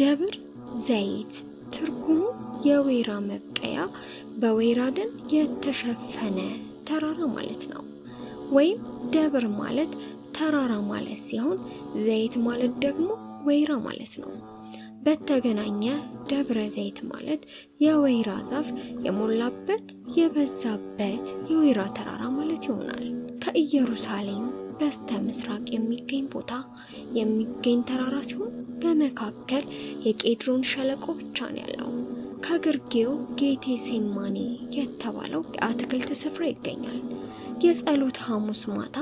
ደብር ዘይት ትርጉሙ የወይራ መብቀያ በወይራ ደን የተሸፈነ ተራራ ማለት ነው። ወይም ደብር ማለት ተራራ ማለት ሲሆን ዘይት ማለት ደግሞ ወይራ ማለት ነው። በተገናኘ ደብረ ዘይት ማለት የወይራ ዛፍ የሞላበት የበዛበት የወይራ ተራራ ማለት ይሆናል። ከኢየሩሳሌም በስተ ምስራቅ የሚገኝ ቦታ የሚገኝ ተራራ ሲሆን በመካከል የቄድሮን ሸለቆ ብቻ ነው ያለው። ከግርጌው ጌቴ ሴማኔ የተባለው የአትክልት ስፍራ ይገኛል። የጸሎት ሐሙስ ማታ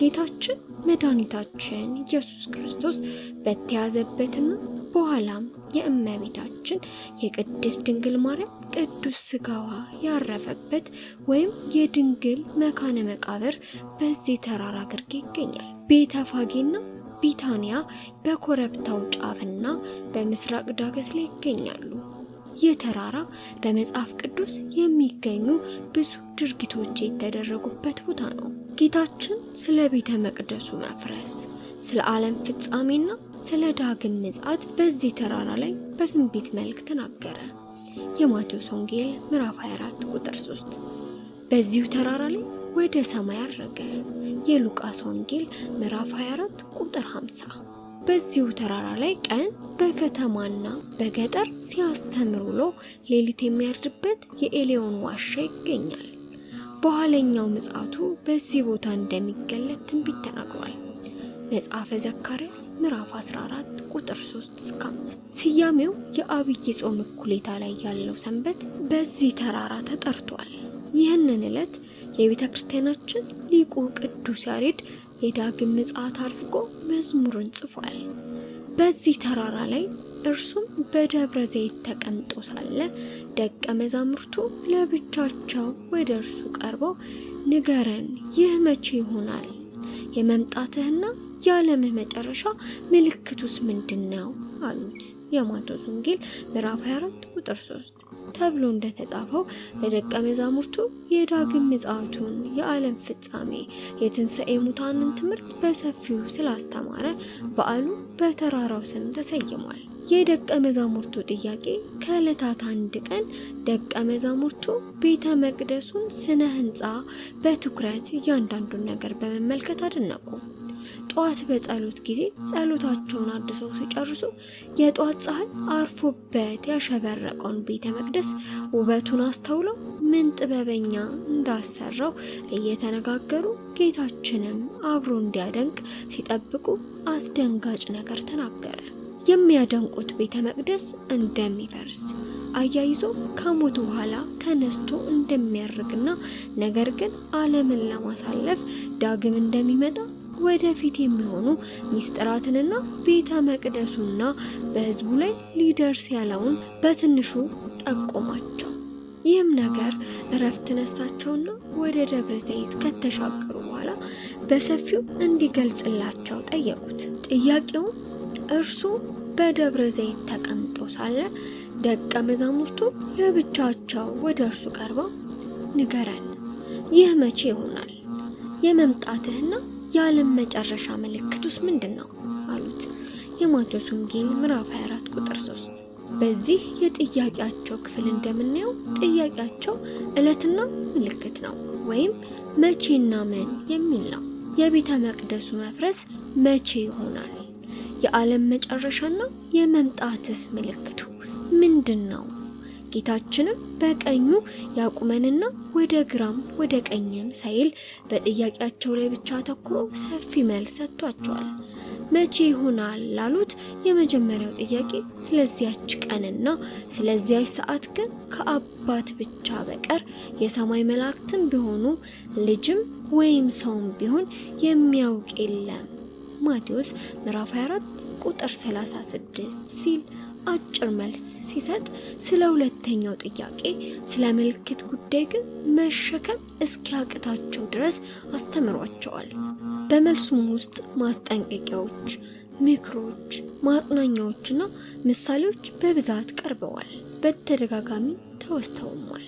ጌታችን መድኃኒታችን ኢየሱስ ክርስቶስ በተያዘበትም በኋላም የእመቤታችን የቅድስት ድንግል ማርያም ቅዱስ ስጋዋ ያረፈበት ወይም የድንግል መካነ መቃብር በዚህ ተራራ ግርጌ ይገኛል። ቤተ ፋጌና ቢታንያ በኮረብታው ጫፍና በምስራቅ ዳገት ላይ ይገኛሉ። ይህ ተራራ በመጽሐፍ ቅዱስ የሚገኙ ብዙ ድርጊቶች የተደረጉበት ቦታ ነው። ጌታችን ስለ ቤተ መቅደሱ መፍረስ ስለ ዓለም ፍጻሜና ስለ ዳግም ምጽአት በዚህ ተራራ ላይ በትንቢት መልክ ተናገረ። የማቴዎስ ወንጌል ምዕራፍ 24 ቁጥር 3። በዚሁ ተራራ ላይ ወደ ሰማይ አረገ። የሉቃስ ወንጌል ምዕራፍ 24 ቁጥር 50። በዚሁ ተራራ ላይ ቀን በከተማና በገጠር ሲያስተምር ውሎ ሌሊት የሚያርድበት የኤሌዮን ዋሻ ይገኛል። በኋለኛው ምጽአቱ በዚህ ቦታ እንደሚገለጥ ትንቢት ተናግሯል። መጽሐፈ ዘካርያስ ምዕራፍ 14 ቁጥር 3 እስከ 5። ስያሜው የአብይ ጾም እኩሌታ ላይ ያለው ሰንበት በዚህ ተራራ ተጠርቷል። ይህንን ዕለት የቤተ ክርስቲያናችን ሊቁ ቅዱስ ያሬድ የዳግም ምጽአት አድርጎ መዝሙርን ጽፏል። በዚህ ተራራ ላይ እርሱም በደብረ ዘይት ተቀምጦ ሳለ ደቀ መዛሙርቱ ለብቻቸው ወደ እርሱ ቀርበው ንገረን፣ ይህ መቼ ይሆናል የመምጣትህና የዓለምህ መጨረሻ ምልክቱስ ምንድን ነው አሉት። የማቴዎስ ወንጌል ምዕራፍ 24 ቁጥር 3 ተብሎ እንደተጻፈው ለደቀ መዛሙርቱ የዳግም ምጽአቱን፣ የዓለም ፍጻሜ፣ የትንሣኤ ሙታንን ትምህርት በሰፊው ስላስተማረ በዓሉ በተራራው ስም ተሰይሟል። የደቀ መዛሙርቱ ጥያቄ ከዕለታት አንድ ቀን ደቀ መዛሙርቱ ቤተ መቅደሱን ስነ ህንፃ በትኩረት እያንዳንዱን ነገር በመመልከት አደነቁ። ጠዋት በጸሎት ጊዜ ጸሎታቸውን አድሰው ሲጨርሱ የጧት ፀሐይ አርፎበት ያሸበረቀውን ቤተ መቅደስ ውበቱን አስተውለው ምን ጥበበኛ እንዳሰራው እየተነጋገሩ ጌታችንም አብሮ እንዲያደንቅ ሲጠብቁ አስደንጋጭ ነገር ተናገረ። የሚያደንቁት ቤተ መቅደስ እንደሚፈርስ አያይዞ ከሞት በኋላ ተነስቶ እንደሚያርግና ነገር ግን ዓለምን ለማሳለፍ ዳግም እንደሚመጣ ወደፊት የሚሆኑ ሚስጥራትንና ቤተ መቅደሱና በህዝቡ ላይ ሊደርስ ያለውን በትንሹ ጠቆማቸው። ይህም ነገር እረፍት ነሳቸውና ወደ ደብረ ዘይት ከተሻገሩ በኋላ በሰፊው እንዲገልጽላቸው ጠየቁት። ጥያቄውም እርሱ በደብረ ዘይት ተቀምጦ ሳለ ደቀ መዛሙርቱ ለብቻቸው ወደ እርሱ ቀርበው ንገረን፣ ይህ መቼ ይሆናል? የመምጣትህና የዓለም መጨረሻ ምልክቱስ ምንድን ነው አሉት። የማቴዎስ ወንጌል ምዕራፍ 24 ቁጥር 3። በዚህ የጥያቄያቸው ክፍል እንደምናየው ጥያቄያቸው ዕለትና ምልክት ነው ወይም መቼና ምን የሚል ነው። የቤተ መቅደሱ መፍረስ መቼ ይሆናል? የዓለም መጨረሻና የመምጣትስ ምልክቱ ምንድን ነው? ጌታችንም በቀኙ ያቁመንና ወደ ግራም ወደ ቀኝም ሳይል በጥያቄያቸው ላይ ብቻ አተኩሮ ሰፊ መልስ ሰጥቷቸዋል። መቼ ይሆናል ላሉት የመጀመሪያው ጥያቄ ስለዚያች ቀንና ስለዚያች ሰዓት ግን ከአባት ብቻ በቀር የሰማይ መላእክትም ቢሆኑ ልጅም ወይም ሰውም ቢሆን የሚያውቅ የለም ማቴዎስ ምዕራፍ 24 ቁጥር 36 ሲል አጭር መልስ ሲሰጥ፣ ስለ ሁለተኛው ጥያቄ ስለ ምልክት ጉዳይ ግን መሸከም እስኪያቅታቸው ድረስ አስተምሯቸዋል። በመልሱም ውስጥ ማስጠንቀቂያዎች፣ ምክሮች፣ ማጽናኛዎችና ምሳሌዎች በብዛት ቀርበዋል። በተደጋጋሚ ተወስተውሟል።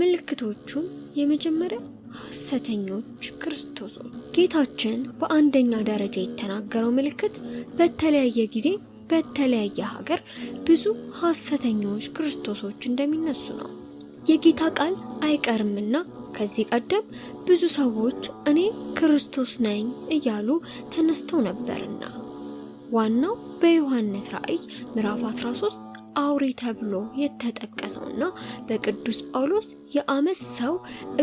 ምልክቶቹም የመጀመሪያ ሐሰተኞች ክርስቶሶች። ጌታችን በአንደኛ ደረጃ የተናገረው ምልክት በተለያየ ጊዜ በተለያየ ሀገር ብዙ ሐሰተኞች ክርስቶሶች እንደሚነሱ ነው። የጌታ ቃል አይቀርምና ከዚህ ቀደም ብዙ ሰዎች እኔ ክርስቶስ ነኝ እያሉ ተነስተው ነበርና። ዋናው በዮሐንስ ራእይ ምዕራፍ 13 አውሬ ተብሎ የተጠቀሰውና በቅዱስ ጳውሎስ የአመፅ ሰው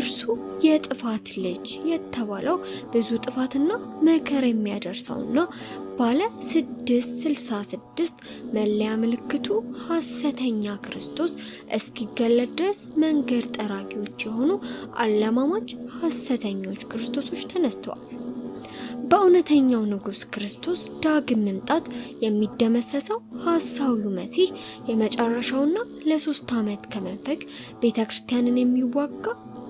እርሱ የጥፋት ልጅ የተባለው ብዙ ጥፋትና መከር የሚያደርሰውና ባለ 666 መለያ ምልክቱ ሐሰተኛ ክርስቶስ እስኪገለጥ ድረስ መንገድ ጠራጊዎች የሆኑ አለማማች ሐሰተኞች ክርስቶሶች ተነስተዋል። በእውነተኛው ንጉሥ ክርስቶስ ዳግም መምጣት የሚደመሰሰው ሐሳዊው መሲህ የመጨረሻውና ለሶስት ዓመት ከመንፈቅ ቤተ ክርስቲያንን የሚዋጋ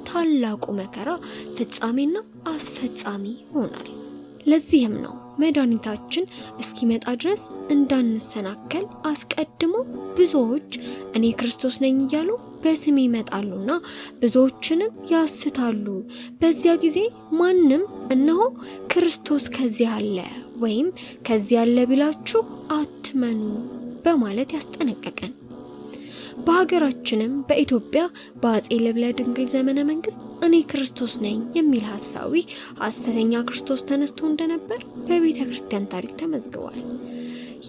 ታላቁ መከራ ፍጻሜና አስፈጻሚ ይሆናል። ለዚህም ነው መድኃኒታችን እስኪመጣ ድረስ እንዳንሰናከል አስቀድሞ ብዙዎች እኔ ክርስቶስ ነኝ እያሉ በስም ይመጣሉና ብዙዎችንም ያስታሉ። በዚያ ጊዜ ማንም እነሆ ክርስቶስ ከዚህ አለ ወይም ከዚህ አለ ብላችሁ አትመኑ በማለት ያስጠነቀቀን በሀገራችንም በኢትዮጵያ በአጼ ልብነ ድንግል ዘመነ መንግስት እኔ ክርስቶስ ነኝ የሚል ሀሳዊ ሐሰተኛ ክርስቶስ ተነስቶ እንደነበር በቤተ ክርስቲያን ታሪክ ተመዝግቧል።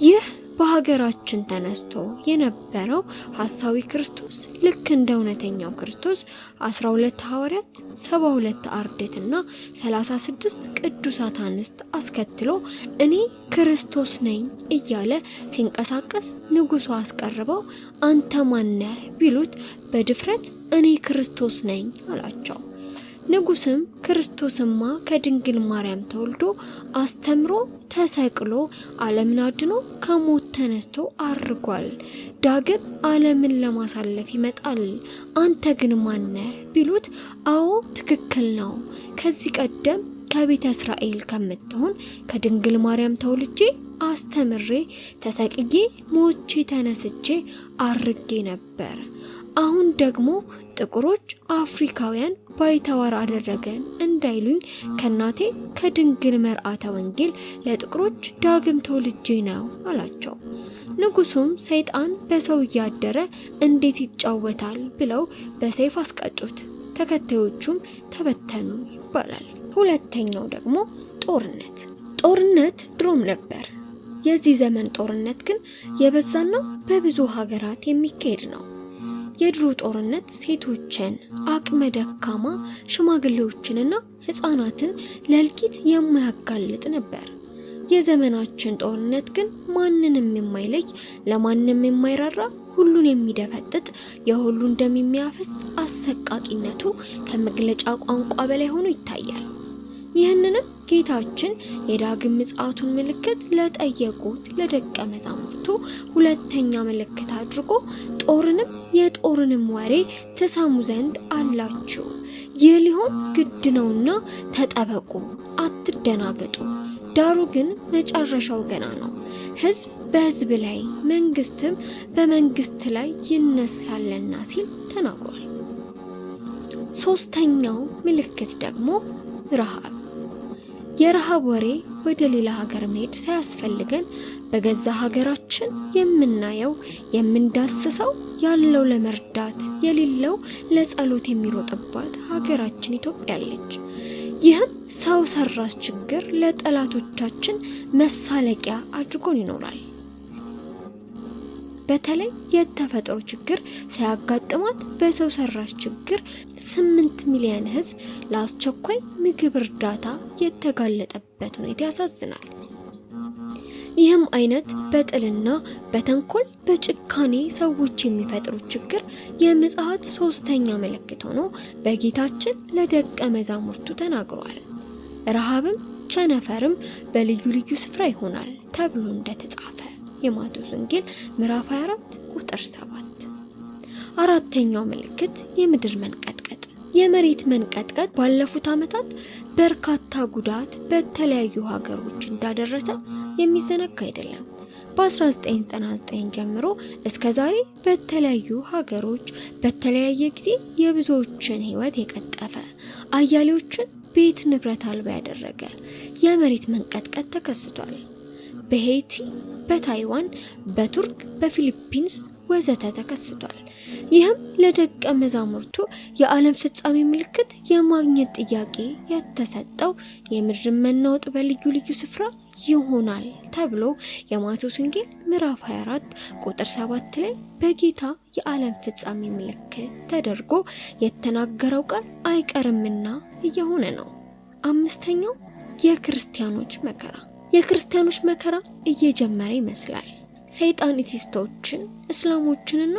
ይህ በሀገራችን ተነስቶ የነበረው ሐሳዊ ክርስቶስ ልክ እንደ እውነተኛው ክርስቶስ 12 ሐዋርያት፣ 72 አርድእትና 36 ቅዱሳት አንስት አስከትሎ እኔ ክርስቶስ ነኝ እያለ ሲንቀሳቀስ ንጉሡ አስቀርበው አንተ ማነህ ቢሉት በድፍረት እኔ ክርስቶስ ነኝ አላቸው። ንጉስም ክርስቶስማ ከድንግል ማርያም ተወልዶ አስተምሮ ተሰቅሎ ዓለምን አድኖ ከሞት ተነስቶ አርጓል። ዳግም ዓለምን ለማሳለፍ ይመጣል። አንተ ግን ማነህ ቢሉት፣ አዎ ትክክል ነው። ከዚህ ቀደም ከቤተ እስራኤል ከምትሆን ከድንግል ማርያም ተወልጄ አስተምሬ ተሰቅዬ ሞቼ ተነስቼ አርጌ ነበር አሁን ደግሞ ጥቁሮች አፍሪካውያን ባይተዋር አደረገን እንዳይሉኝ ከእናቴ ከድንግል መርአተ ወንጌል ለጥቁሮች ዳግም ተወልጄ ነው አላቸው። ንጉሱም ሰይጣን በሰው እያደረ እንዴት ይጫወታል ብለው በሰይፍ አስቀጡት። ተከታዮቹም ተበተኑ ይባላል። ሁለተኛው ደግሞ ጦርነት። ጦርነት ድሮም ነበር። የዚህ ዘመን ጦርነት ግን የበዛና በብዙ ሀገራት የሚካሄድ ነው። የድሮ ጦርነት ሴቶችን፣ አቅመ ደካማ ሽማግሌዎችንና ህፃናትን ለእልቂት የማያጋልጥ ነበር። የዘመናችን ጦርነት ግን ማንንም የማይለይ ለማንም የማይራራ ሁሉን የሚደፈጥጥ የሁሉን ደም የሚያፈስ አሰቃቂነቱ ከመግለጫ ቋንቋ በላይ ሆኖ ይታያል። ይህንንም ጌታችን የዳግም ምጽአቱን ምልክት ለጠየቁት ለደቀ መዛሙርቱ ሁለተኛ ምልክት አድርጎ ጦርንም የጦርንም ወሬ ትሰሙ ዘንድ አላችሁ፣ ይህ ሊሆን ግድ ነውና ተጠበቁ፣ አትደናገጡ። ዳሩ ግን መጨረሻው ገና ነው። ህዝብ በህዝብ ላይ መንግስትም በመንግስት ላይ ይነሳልና ሲል ተናግሯል። ሶስተኛው ምልክት ደግሞ ረሃብ የረሃብ ወሬ ወደ ሌላ ሀገር መሄድ ሳያስፈልገን በገዛ ሀገራችን የምናየው የምንዳስሰው ያለው ለመርዳት የሌለው ለጸሎት የሚሮጥባት ሀገራችን ኢትዮጵያ አለች። ይህም ሰው ሰራሽ ችግር ለጠላቶቻችን መሳለቂያ አድርጎን ይኖራል። በተለይ የተፈጥሮ ችግር ሳያጋጥማት በሰው ሰራሽ ችግር ስምንት ሚሊዮን ህዝብ ለአስቸኳይ ምግብ እርዳታ የተጋለጠበት ሁኔታ ያሳዝናል። ይህም አይነት በጥልና በተንኮል በጭካኔ ሰዎች የሚፈጥሩት ችግር የምጽአት ሶስተኛ ምልክት ሆኖ በጌታችን ለደቀ መዛሙርቱ ተናግሯል። ረሃብም ቸነፈርም በልዩ ልዩ ስፍራ ይሆናል ተብሎ እንደተጻፈ የማቴዎስ ወንጌል ምዕራፍ 24 ቁጥር 7። አራተኛው ምልክት የምድር መንቀጥቀጥ። የመሬት መንቀጥቀጥ ባለፉት ዓመታት በርካታ ጉዳት በተለያዩ ሀገሮች እንዳደረሰ የሚዘነጋ አይደለም። በ1999 ጀምሮ እስከ ዛሬ በተለያዩ ሀገሮች በተለያየ ጊዜ የብዙዎችን ሕይወት የቀጠፈ አያሌዎችን ቤት ንብረት አልባ ያደረገ የመሬት መንቀጥቀጥ ተከስቷል። በሄይቲ፣ በታይዋን፣ በቱርክ፣ በፊሊፒንስ ወዘተ ተከስቷል። ይህም ለደቀ መዛሙርቱ የዓለም ፍጻሜ ምልክት የማግኘት ጥያቄ የተሰጠው የምድር መናወጥ በልዩ ልዩ ስፍራ ይሆናል ተብሎ የማቴዎስ ወንጌል ምዕራፍ 24 ቁጥር 7 ላይ በጌታ የዓለም ፍጻሜ ምልክት ተደርጎ የተናገረው ቃል አይቀርምና እየሆነ ነው። አምስተኛው የክርስቲያኖች መከራ የክርስቲያኖች መከራ እየጀመረ ይመስላል። ሰይጣኒቲስቶችን እስላሞችንና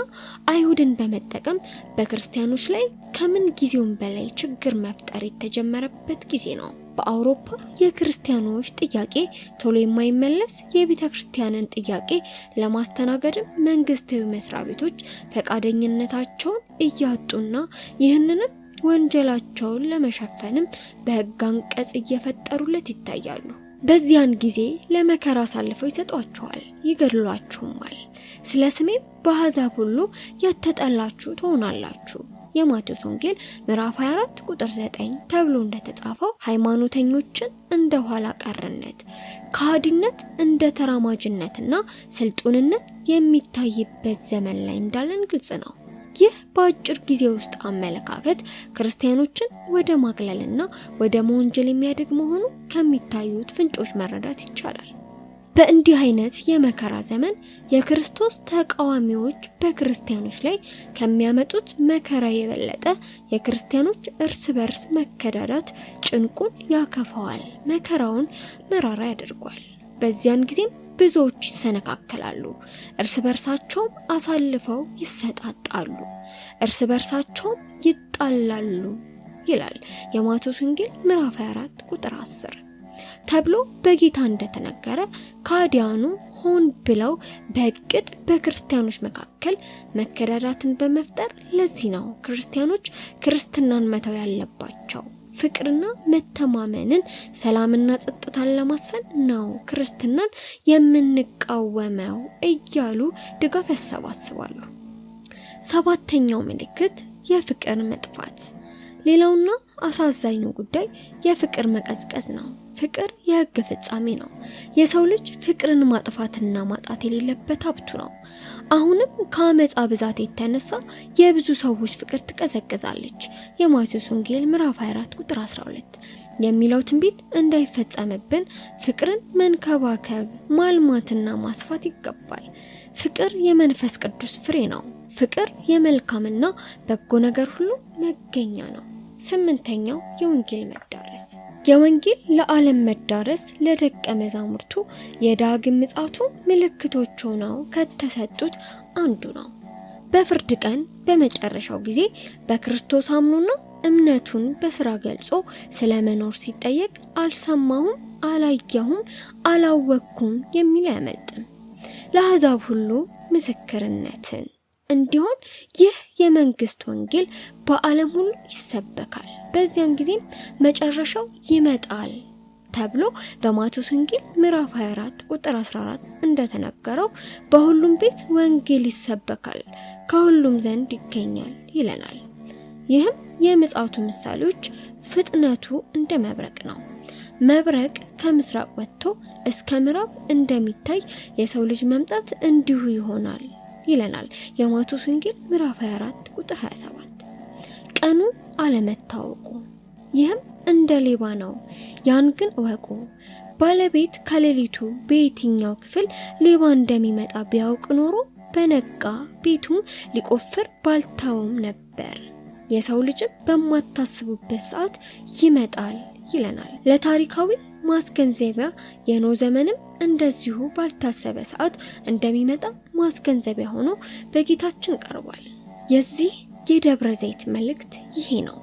አይሁድን በመጠቀም በክርስቲያኖች ላይ ከምን ጊዜውም በላይ ችግር መፍጠር የተጀመረበት ጊዜ ነው። በአውሮፓ የክርስቲያኖች ጥያቄ ቶሎ የማይመለስ የቤተ ክርስቲያንን ጥያቄ ለማስተናገድም መንግስታዊ መስሪያ ቤቶች ፈቃደኝነታቸውን እያጡና ይህንንም ወንጀላቸውን ለመሸፈንም በህግ አንቀጽ እየፈጠሩለት ይታያሉ። በዚያን ጊዜ ለመከራ አሳልፈው ይሰጧችኋል፣ ይገድሏችሁማል። ስለ ስሜም በአሕዛብ ሁሉ የተጠላችሁ ትሆናላችሁ። የማቴዎስ ወንጌል ምዕራፍ 24 ቁጥር 9 ተብሎ እንደተጻፈው ሃይማኖተኞችን እንደ ኋላ ቀርነት፣ ከሃዲነት እንደ ተራማጅነትና ስልጡንነት የሚታይበት ዘመን ላይ እንዳለን ግልጽ ነው። ይህ በአጭር ጊዜ ውስጥ አመለካከት ክርስቲያኖችን ወደ ማግለልና ወደ መወንጀል የሚያደግ መሆኑ ከሚታዩት ፍንጮች መረዳት ይቻላል። በእንዲህ አይነት የመከራ ዘመን የክርስቶስ ተቃዋሚዎች በክርስቲያኖች ላይ ከሚያመጡት መከራ የበለጠ የክርስቲያኖች እርስ በርስ መከዳዳት ጭንቁን ያከፋዋል፣ መከራውን መራራ ያደርጓል። በዚያን ጊዜም ብዙዎች ይሰነካከላሉ፣ እርስ በርሳቸውም አሳልፈው ይሰጣጣሉ፣ እርስ በርሳቸውም ይጣላሉ ይላል የማቴዎስ ወንጌል ምዕራፍ 24 ቁጥር 10 ተብሎ በጌታ እንደተነገረ ካዲያኑ ሆን ብለው በእቅድ በክርስቲያኖች መካከል መከዳዳትን በመፍጠር ለዚህ ነው ክርስቲያኖች ክርስትናን መተው ያለባቸው። ፍቅርና መተማመንን፣ ሰላምና ጸጥታን ለማስፈን ነው ክርስትናን የምንቃወመው እያሉ ድጋፍ ያሰባስባሉ። ሰባተኛው ምልክት የፍቅር መጥፋት። ሌላውና አሳዛኙ ጉዳይ የፍቅር መቀዝቀዝ ነው። ፍቅር የህግ ፍጻሜ ነው። የሰው ልጅ ፍቅርን ማጥፋትና ማጣት የሌለበት ሀብቱ ነው። አሁንም ከአመፃ ብዛት የተነሳ የብዙ ሰዎች ፍቅር ትቀዘቅዛለች። የማቴዎስ ወንጌል ምዕራፍ 24 ቁጥር 12 የሚለው ትንቢት እንዳይፈጸምብን ፍቅርን መንከባከብ ማልማትና ማስፋት ይገባል። ፍቅር የመንፈስ ቅዱስ ፍሬ ነው። ፍቅር የመልካምና በጎ ነገር ሁሉ መገኛ ነው። ስምንተኛው የወንጌል መዳረስ የወንጌል ለዓለም መዳረስ ለደቀ መዛሙርቱ የዳግም ምጻቱ ምልክቶች ሆነው ከተሰጡት አንዱ ነው። በፍርድ ቀን በመጨረሻው ጊዜ በክርስቶስ አምኖና እምነቱን በስራ ገልጾ ስለ መኖር ሲጠየቅ አልሰማሁም፣ አላየሁም፣ አላወቅኩም የሚል አያመልጥም። ለአሕዛብ ሁሉ ምስክርነትን እንዲሆን ይህ የመንግስት ወንጌል በዓለም ሁሉ ይሰበካል፣ በዚያን ጊዜም መጨረሻው ይመጣል ተብሎ በማቴዎስ ወንጌል ምዕራፍ 24 ቁጥር 14 እንደተነገረው በሁሉም ቤት ወንጌል ይሰበካል፣ ከሁሉም ዘንድ ይገኛል ይለናል። ይህም የምጽአቱ ምሳሌዎች ፍጥነቱ እንደ መብረቅ ነው። መብረቅ ከምስራቅ ወጥቶ እስከ ምዕራብ እንደሚታይ የሰው ልጅ መምጣት እንዲሁ ይሆናል ይለናል የማቴዎስ ወንጌል ምዕራፍ 24 ቁጥር 27። ቀኑ አለመታወቁ ይህም እንደ ሌባ ነው። ያን ግን እወቁ፣ ባለቤት ከሌሊቱ በየትኛው ክፍል ሌባ እንደሚመጣ ቢያውቅ ኖሮ በነቃ ቤቱም ሊቆፍር ባልታውም ነበር። የሰው ልጅም በማታስቡበት ሰዓት ይመጣል ይለናል። ለታሪካዊ ማስገንዘቢያ የኖ ዘመንም እንደዚሁ ባልታሰበ ሰዓት እንደሚመጣ ማስገንዘቢያ ሆኖ በጌታችን ቀርቧል። የዚህ የደብረ ዘይት መልእክት ይሄ ነው።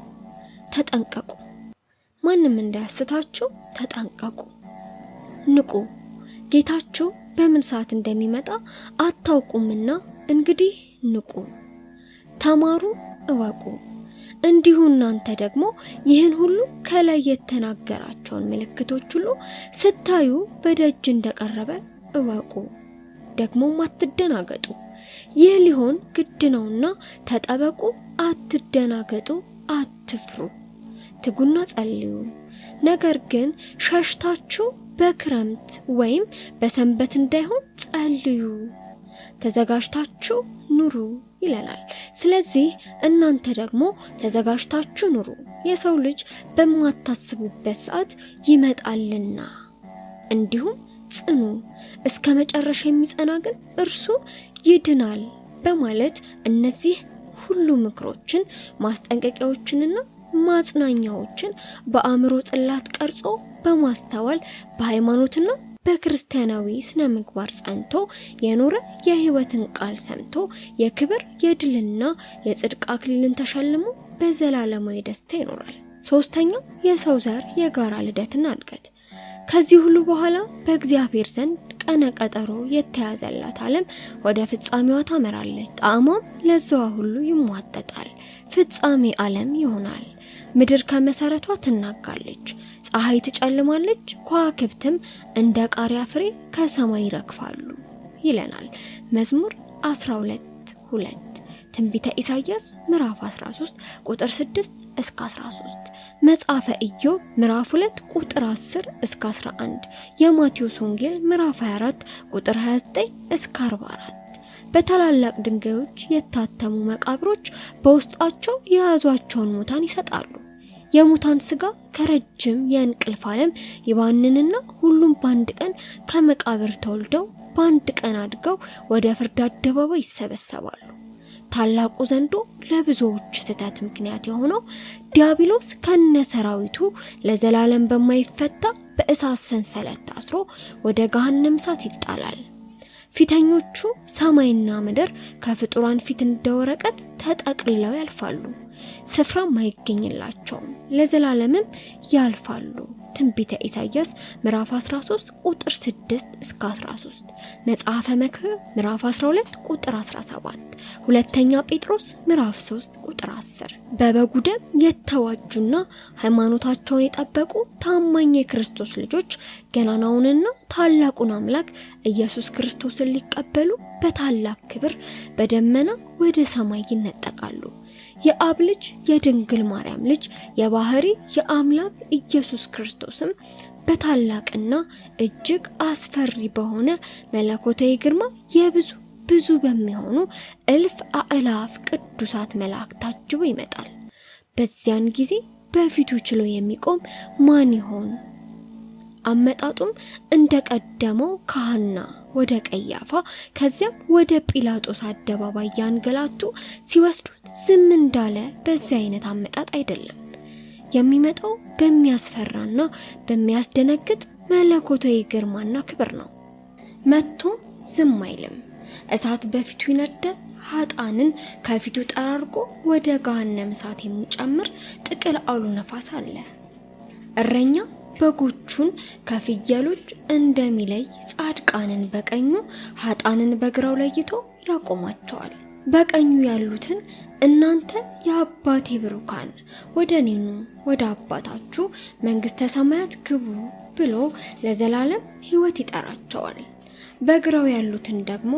ተጠንቀቁ፣ ማንም እንዳያስታችሁ ተጠንቀቁ፣ ንቁ። ጌታችሁ በምን ሰዓት እንደሚመጣ አታውቁምና እንግዲህ ንቁ፣ ተማሩ፣ እወቁ። እንዲሁ እናንተ ደግሞ ይህን ሁሉ ከላይ የተናገራቸውን ምልክቶች ሁሉ ስታዩ በደጅ እንደቀረበ እወቁ። ደግሞም አትደናገጡ። ይህ ሊሆን ግድ ነውና ተጠበቁ፣ አትደናገጡ፣ አትፍሩ። ትጉና ጸልዩ። ነገር ግን ሸሽታችሁ በክረምት ወይም በሰንበት እንዳይሆን ጸልዩ። ተዘጋጅታችሁ ኑሩ ይለናል። ስለዚህ እናንተ ደግሞ ተዘጋጅታችሁ ኑሩ፣ የሰው ልጅ በማታስቡበት ሰዓት ይመጣልና። እንዲሁም ጽኑ፣ እስከ መጨረሻ የሚጸና ግን እርሱ ይድናል በማለት እነዚህ ሁሉ ምክሮችን ማስጠንቀቂያዎችንና ማጽናኛዎችን በአእምሮ ጽላት ቀርጾ በማስተዋል በሃይማኖትና በክርስቲያናዊ ስነ ምግባር ጸንቶ የኖረ የህይወትን ቃል ሰምቶ የክብር የድልና የጽድቅ አክሊልን ተሸልሞ በዘላለማዊ ደስታ ይኖራል። ሶስተኛው የሰው ዘር የጋራ ልደትና እድገት። ከዚህ ሁሉ በኋላ በእግዚአብሔር ዘንድ ቀነ ቀጠሮ የተያዘላት ዓለም ወደ ፍጻሜዋ ታመራለች። ጣዕሟም ለዛዋ ሁሉ ይሟጠጣል፣ ፍጻሜ ዓለም ይሆናል። ምድር ከመሰረቷ ትናጋለች፣ ፀሐይ ትጨልማለች፣ ከዋክብትም እንደ ቃሪያ ፍሬ ከሰማይ ይረግፋሉ ይለናል መዝሙር 12 2 ትንቢተ ኢሳይያስ ምዕራፍ 13 ቁጥር 6 እስከ 13 መጽሐፈ ኢዮ ምዕራፍ 2 ቁጥር 10 እስከ 11 የማቴዎስ ወንጌል ምዕራፍ 24 ቁጥር 29 እስከ 44 በታላላቅ ድንጋዮች የታተሙ መቃብሮች በውስጣቸው የያዟቸውን ሙታን ይሰጣሉ። የሙታን ስጋ ከረጅም የእንቅልፍ ዓለም ይባንንና ሁሉም በአንድ ቀን ከመቃብር ተወልደው በአንድ ቀን አድገው ወደ ፍርድ አደባባይ ይሰበሰባሉ። ታላቁ ዘንዶ ለብዙዎች ስህተት ምክንያት የሆነው ዲያብሎስ ከነ ሰራዊቱ ለዘላለም በማይፈታ በእሳት ሰንሰለት ታስሮ ወደ ገሃነም እሳት ይጣላል። ፊተኞቹ ሰማይና ምድር ከፍጡራን ፊት እንደ ወረቀት ተጠቅልለው ያልፋሉ። ስፍራም አይገኝላቸውም፣ ለዘላለምም ያልፋሉ። ትንቢተ ኢሳይያስ ምዕራፍ 13 ቁጥር 6 እስከ 13፣ መጽሐፈ መክብብ ምዕራፍ 12 ቁጥር 17፣ ሁለተኛ ጴጥሮስ ምዕራፍ 3 ቁጥር 10። በበጉ ደም የተዋጁና ሃይማኖታቸውን የጠበቁ ታማኝ የክርስቶስ ልጆች ገናናውንና ታላቁን አምላክ ኢየሱስ ክርስቶስን ሊቀበሉ በታላቅ ክብር በደመና ወደ ሰማይ ይነጠቃሉ። የአብ ልጅ የድንግል ማርያም ልጅ የባህሪ የአምላክ ኢየሱስ ክርስቶስም በታላቅና እጅግ አስፈሪ በሆነ መለኮታዊ ግርማ የብዙ ብዙ በሚሆኑ እልፍ አእላፍ ቅዱሳት መላእክት ታጅቦ ይመጣል። በዚያን ጊዜ በፊቱ ችሎ የሚቆም ማን ይሆን? አመጣጡም እንደ ቀደመው ካህና ወደ ቀያፋ ከዚያም ወደ ጲላጦስ አደባባይ ያንገላቱ ሲወስዱት ዝም እንዳለ በዚህ አይነት አመጣጥ አይደለም። የሚመጣው በሚያስፈራና በሚያስደነግጥ መለኮታዊ ግርማና ክብር ነው። መጥቶም ዝም አይልም። እሳት በፊቱ ይነዳል። ሀጣንን ከፊቱ ጠራርጎ ወደ ገሃነመ እሳት የሚጨምር ጥቅል አውሎ ነፋስ አለ። እረኛ በጎቹን ከፍየሎች እንደሚለይ ጻድቃንን በቀኙ ሀጣንን በግራው ለይቶ ያቆማቸዋል። በቀኙ ያሉትን እናንተ የአባቴ ብሩካን ወደ እኔኑ ወደ አባታችሁ መንግሥተ ሰማያት ግቡ ብሎ ለዘላለም ሕይወት ይጠራቸዋል። በግራው ያሉትን ደግሞ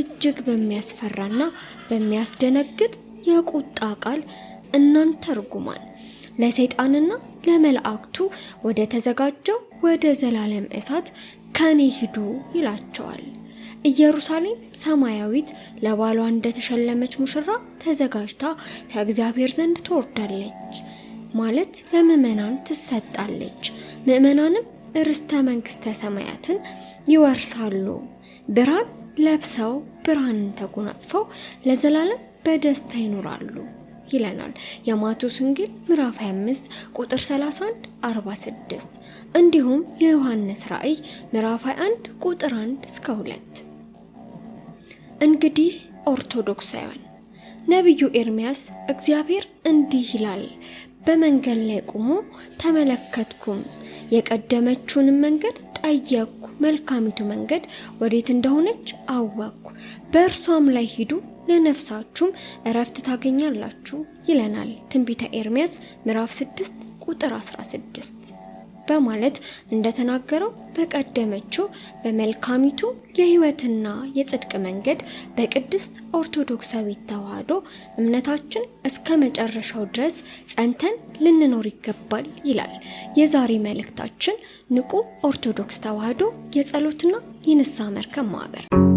እጅግ በሚያስፈራና በሚያስደነግጥ የቁጣ ቃል እናንተ እርጉማን ለሰይጣንና ለመላእክቱ ወደ ተዘጋጀው ወደ ዘላለም እሳት ከኔ ሂዱ ይላቸዋል። ኢየሩሳሌም ሰማያዊት ለባሏ እንደተሸለመች ሙሽራ ተዘጋጅታ ከእግዚአብሔር ዘንድ ትወርዳለች ማለት ለምዕመናን ትሰጣለች። ምእመናንም ርስተ መንግስተ ሰማያትን ይወርሳሉ። ብርሃን ለብሰው ብርሃንን ተጎናጽፈው ለዘላለም በደስታ ይኖራሉ። ይለናል የማቴዎስ ወንጌል ምዕራፍ 25 ቁጥር 31 46 እንዲሁም የዮሐንስ ራእይ ምዕራፍ 21 ቁጥር 1 እስከ 2። እንግዲህ ኦርቶዶክሳውያን ነቢዩ ኤርሚያስ እግዚአብሔር እንዲህ ይላል በመንገድ ላይ ቆሞ ተመለከትኩም የቀደመችውንም መንገድ ጠየቅኩ። መልካሚቱ መንገድ ወዴት እንደሆነች አወቅኩ። በእርሷም ላይ ሂዱ ለነፍሳችሁም እረፍት ታገኛላችሁ ይለናል ትንቢተ ኤርምያስ ምዕራፍ 6 ቁጥር 16። በማለት እንደተናገረው በቀደመችው በመልካሚቱ የህይወትና የጽድቅ መንገድ በቅድስት ኦርቶዶክሳዊት ተዋህዶ እምነታችን እስከ መጨረሻው ድረስ ጸንተን ልንኖር ይገባል ይላል የዛሬ መልእክታችን። ንቁ ኦርቶዶክስ ተዋህዶ የጸሎትና የንስሐ መርከብ ማህበር